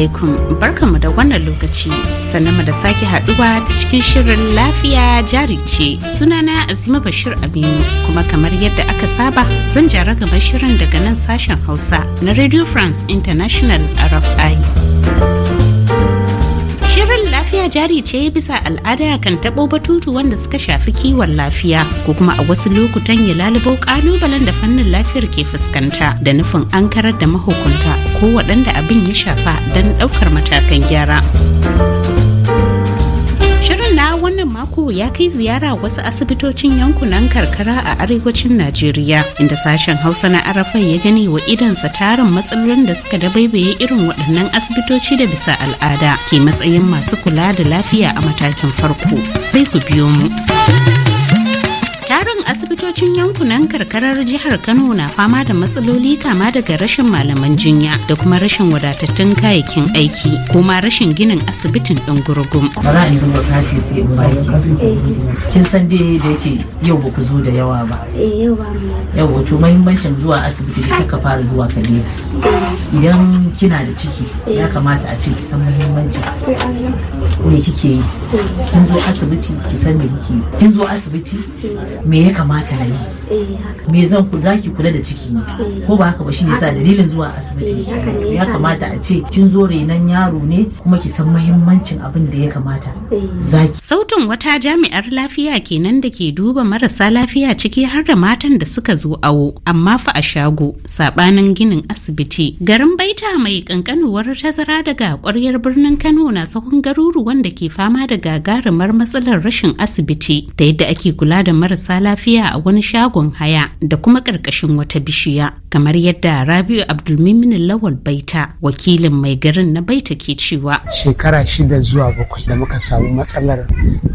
alaikum barkanmu da wannan lokaci sannan da sake haduwa ta cikin shirin lafiya jari ce sunana azima bashir aminu kuma kamar yadda aka saba zan jara gaba shirin daga nan sashen hausa na radio france international rfi jari ce ya bisa al'ada kan taɓo batutu wanda suka shafi kiwon lafiya ko kuma a wasu lokutan ya lalubo kalubalen da fannin lafiyar ke fuskanta da nufin an karar da mahukunta ko waɗanda abin ya shafa don ɗaukar matakan gyara. wannan mako ya kai ziyara wasu asibitocin yankunan karkara a arewacin Najeriya inda sashen Hausa na Arafai ya gani wa idansa tarin matsalolin da suka dabaibaye irin waɗannan asibitoci da bisa al'ada ke matsayin masu kula da lafiya a matakin farko sai ku biyo mu. likitocin yankunan karkarar jihar Kano na fama da matsaloli kama daga rashin malaman jinya da kuma rashin wadatattun kayayyakin aiki kuma rashin ginin asibitin ɗin gurgum. Bara in zuba kati sai in baki. Kin san dai da yake yau ba ku zo da yawa ba. Eh, yau ba wato mahimmancin zuwa asibiti da kika fara zuwa kare. Idan kina da ciki ya kamata a ce ki san mahimmancin me kike yi. Kin zo asibiti ki san me kike. Kin zo asibiti me ya kamata tari eh, me ku zaki kula da ciki ne eh. ko ba haka ba shine sa dalilin zuwa asibiti eh, ya kamata a ce kin zo renan yaro ne kuma ki san muhimmancin abin da ya kamata zaki sautin wata jami'ar lafiya kenan da ke duba marasa lafiya ciki har da matan da suka zo awo amma fa a shago sabanin ginin asibiti garin baita mai kankanuwar tazara daga kwaryar birnin Kano na sahun garuruwan da ke fama da gagarumar matsalar rashin asibiti da yadda ake kula da marasa lafiya a a wani shagon haya da kuma ƙarƙashin wata bishiya kamar yadda rabiu abdulmimin lawal baita wakilin mai garin na baita ke cewa shekara shida zuwa bakwai da muka samu matsalar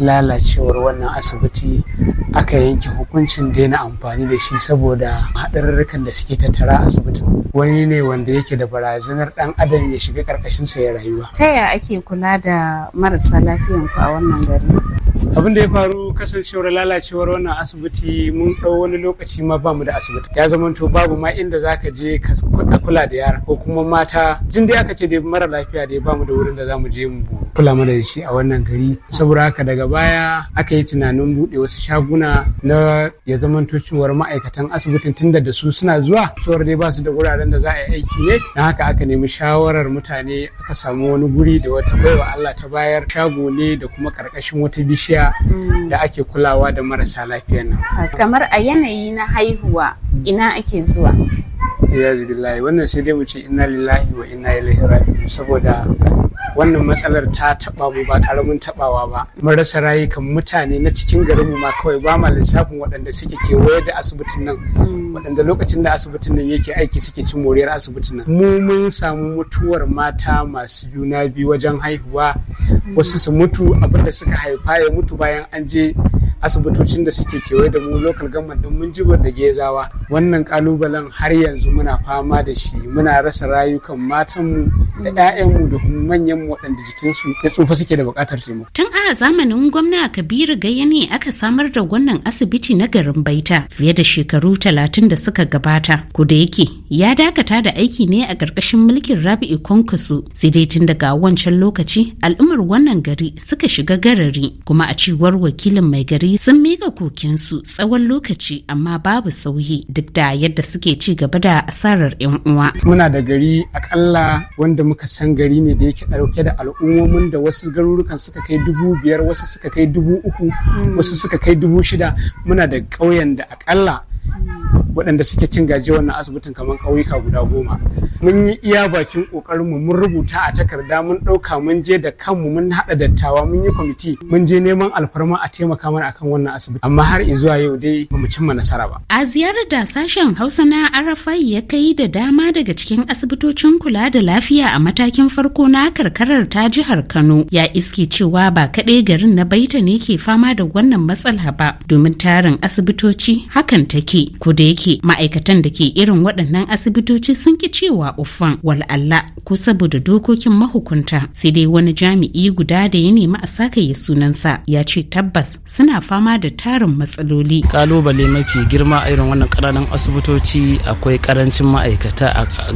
lalacewar wannan asibiti aka yanke hukuncin daina amfani da shi saboda haɗarurrukan da suke tattara asibitin wani ne wanda yake da barazanar ɗan adam ya shiga ƙarƙashinsa sa ya rayuwa ta ya ake kula da marasa lafiyan a wannan gari abin da ya faru kasancewar lalacewar wannan asibiti mun ɗau wani lokaci ma bamu da asibiti ya zama to babu ma inda za ka je ka kula da yara ko kuma mata jin dai aka ce dai mara lafiya dai ba mu da wurin da za mu je mu buru kula mana da shi a wannan gari saboda haka daga baya aka yi tunanin buɗe wasu shaguna na ya zama cewar ma'aikatan asibitin tunda da su suna zuwa cewar dai ba su da wuraren da za a yi aiki ne na haka aka nemi shawarar mutane aka samu wani guri da wata baiwa Allah ta bayar shago ne da kuma karkashin wata bishiya mm. da ake kulawa da marasa lafiya nan kamar a yanayi na haihuwa ina ake zuwa ya wannan sai dai mu ce inna lillahi wa inna ilaihi saboda wannan matsalar ta taba mu ba karamin tabawa ba mun rasa rayukan mutane na cikin garinmu ma kawai ba ma lissafin waɗanda suke kewaye da asibitin nan mm. waɗanda lokacin da asibitin nan yake aiki suke cin moriyar asibitin nan mu mun samu mutuwar mata masu juna biyu wajen haihuwa mm. wasu su mutu abinda suka haifa ya mutu bayan an je asibitocin da suke kewaye da mu local government din mun jibar da gezawa wannan kalubalen har yanzu muna fama da shi muna rasa rayukan matanmu da 'ya'yanmu da kuma manyan waɗanda jikinsu ya tsufa suke da buƙatar taimako. Tun a zamanin gwamna Kabiru Gaya ne aka samar da wannan asibiti na garin Baita fiye da shekaru talatin da suka gabata. Ko da yake ya dakata da aiki ne a ƙarƙashin mulkin Rabi'u Kwankwaso sai dai tun daga wancan lokaci al'ummar wannan gari suka shiga garari kuma a cewar wakilin mai gari sun miƙa kokinsu tsawon lokaci amma babu sauyi duk da yadda suke ci gaba da asarar 'yan uwa. Muna da gari akalla wanda muka san gari ne da yake ɗauke da al'ummomin da wasu garurukan suka kai dubu biyar wasu suka kai dubu uku hmm. wasu suka kai dubu shida muna da ƙauyen da akalla waɗanda suke cin gaji wannan asibitin kamar ƙauyuka guda goma mun yi iya bakin ƙoƙarinmu mun rubuta a takarda mun ɗauka mun je da kanmu mun haɗa dattawa mun yi kwamiti mun je neman alfarma a taimaka mana akan wannan asibiti amma har zuwa yau dai ba mu cimma nasara ba. a ziyarar da sashen hausa na arafai ya kai da dama daga cikin asibitocin kula da lafiya a matakin farko na karkarar ta jihar kano ya iske cewa ba kaɗai garin na baita ne ke fama da wannan matsala ba domin tarin asibitoci hakan take. ciki ko da yake ma'aikatan da ke irin waɗannan asibitoci sun ki cewa uffan wal'alla ko saboda dokokin mahukunta sai dai wani jami'i guda da ya nemi a saka ya sunansa ya ce tabbas suna fama da tarin matsaloli kalubale mafi girma a irin wannan ƙananan asibitoci akwai karancin ma'aikata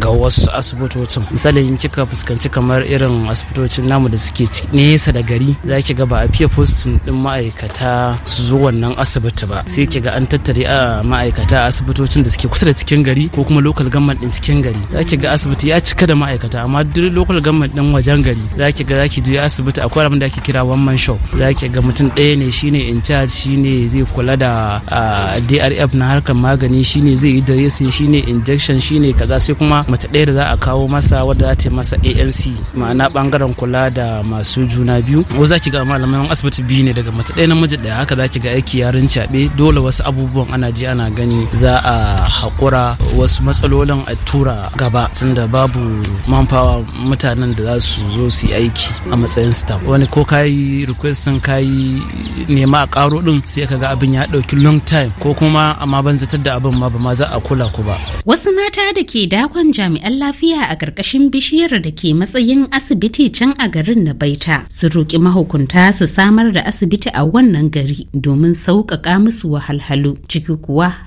ga wasu asibitocin misali in kika fuskanci kamar irin asibitocin namu da suke nesa da gari za ki ga ba a fiye postin din ma'aikata su zo wannan asibiti ba sai ki ga an tattare a ma'aikata ma'aikata a asibitocin da suke kusa da cikin gari ko kuma local government din cikin gari zaki ga asibiti ya cika da ma'aikata amma duk local government din wajen gari zaki ga zaki je asibiti akwai abin da ake kira one man shop zaki ga mutum ɗaya ne shine in charge shine zai kula da DRF na harkar magani shine zai yi dressing shine injection shine kaza sai kuma mace ɗaya da za a kawo masa wadda za ta masa ANC ma'ana bangaren kula da masu juna biyu ko zaki ga malaman asibiti biyu ne daga mace ɗaya namiji ɗaya haka zaki ga aiki yarin caɓe dole wasu abubuwan ana ji ana gani gani za a haƙura wasu matsalolin a tura gaba tunda babu manfawa mutanen da za su zo su yi aiki a matsayin staff wani ko ka yi requestin ka yi nema a ƙaro ɗin sai ka ga abin ya ɗauki long time ko kuma amma ban zatar da abin ma ba ma za a kula ku ba. Wasu mata da ke dakon jami'an lafiya a ƙarƙashin bishiyar da ke matsayin asibiti can a garin na baita su roƙi mahukunta su samar da asibiti a wannan gari domin sauƙaƙa musu wahalhalu ciki kuwa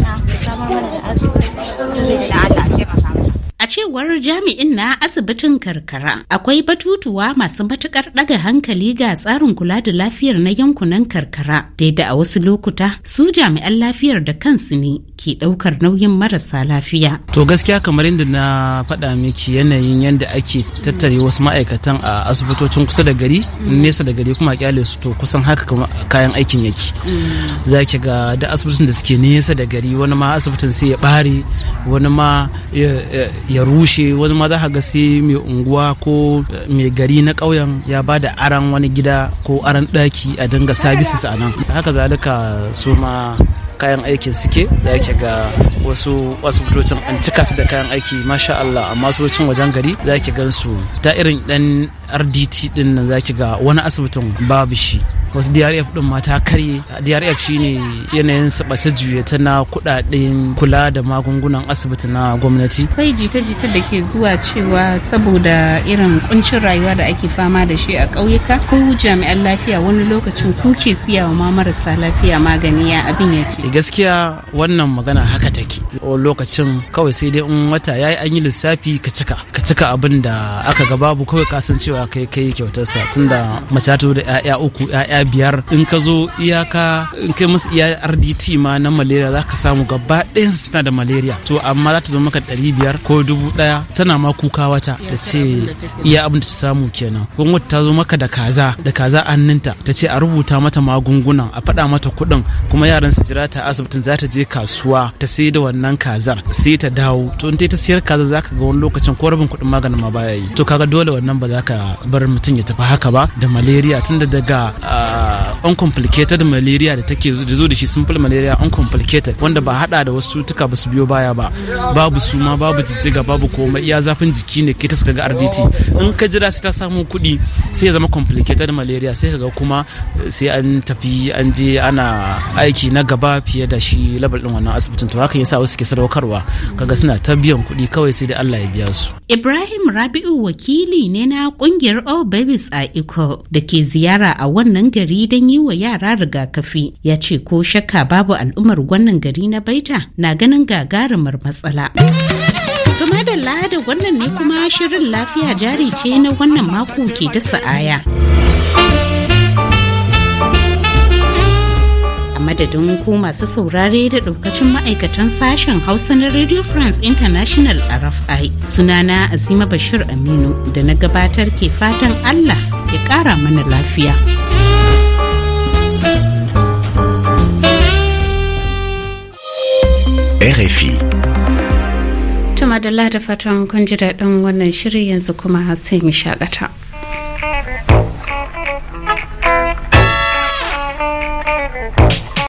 انا عبد السلام انا اسف A cewar jami'in na asibitin karkara akwai batutuwa masu matukar daga hankali ga tsarin kula da lafiyar na yankunan karkara da a wasu lokuta su jami'an lafiyar da kansu ne ke daukar nauyin marasa lafiya. To gaskiya kamar yadda na faɗa miki yanayin yadda ake tattare wasu ma'aikatan a asibitocin kusa da gari nesa da gari kuma kyale su to kusan haka kayan aikin yake. Za ki ga da asibitin da suke nesa da gari wani ma asibitin sai ya bare wani ma ya rushe wani ma za ga sai mai unguwa ko eh, mai gari na ƙauyen ya ba da aran wani gida ko aran ɗaki a dinga sabisis a nan haka zalika su ma kayan aikin suke da yake ga wasu asibitocin an cika su da kayan aiki masha Allah amma asibitocin wajen gari za ki gan su ta irin dan RDT din nan za ki ga wani asibitin babu shi wasu drf din mata ta karye drf shine yanayin sabace juyata na kudaden kula da magungunan asibiti na gwamnati kai jita-jita da ke zuwa cewa saboda irin kuncin rayuwa da ake fama da shi a ƙauyuka ko jami'an lafiya wani lokacin ku ke siya wa marasa lafiya magani ya abin yake eh, gaskiya wannan magana haka take lokacin kawai sai dai in wata yayi an yi lissafi ka cika ka cika abin da aka ga babu kawai kasancewa kai kai kyautarsa tunda mace ta da 'ya'ya uku 'ya'ya biyar in ka zo iyaka in kai musu iya rdt ma na malaria za ka samu gaba ɗayan suna da malaria to amma za ta zo maka ɗari biyar ko dubu ɗaya tana ma kuka wata ta ce iya abin da ta samu kenan gwamnati ta zo maka da kaza da kaza hannunta ta ce a rubuta mata magunguna a faɗa mata kuɗin kuma yaran su jira ta asibitin za ta je kasuwa ta sai da wannan kazar sai ta dawo to in ta siyar kaza za ka ga wani lokacin ko rabin kuɗin maganin ma baya yi to kaga dole wannan ba za ka bar mutum ya tafi haka ba da malaria tunda daga ah, uncomplicated malaria da take zo da shi simple malaria uncomplicated wanda ba hada da wasu cutuka ba su biyo baya ba babu suma babu jijjiga babu koma iya zafin jiki ne ke ta suka ga RDT in ka jira sai ta samu kuɗi sai ya zama complicated malaria sai kaga kuma eh, sai an tafi an je ana aiki na gaba fiye da shi level din wannan asibitin to hakan yasa wasu ke sadaukarwa kaga suna ta biyan kuɗi kawai sai dai Allah ya biya su Ibrahim Rabi'u wakili ne na kungiyar All Babies a Iko da ke ziyara a wannan gari don yi wa yara rigakafi ya ce ko shakka babu al'ummar wannan gari na baita na ganin gagarumar matsala. To da da wannan ne kuma shirin lafiya jari ce na wannan mako ke da sa'aya. madadin ku masu saurare da daukacin ma'aikatan sashen hausa na radio france international rfi sunana azima bashir aminu da na gabatar ke fatan allah ya kara mana lafiya. da da fatan kun ji daɗin wannan shirin yanzu kuma sai mu shakata.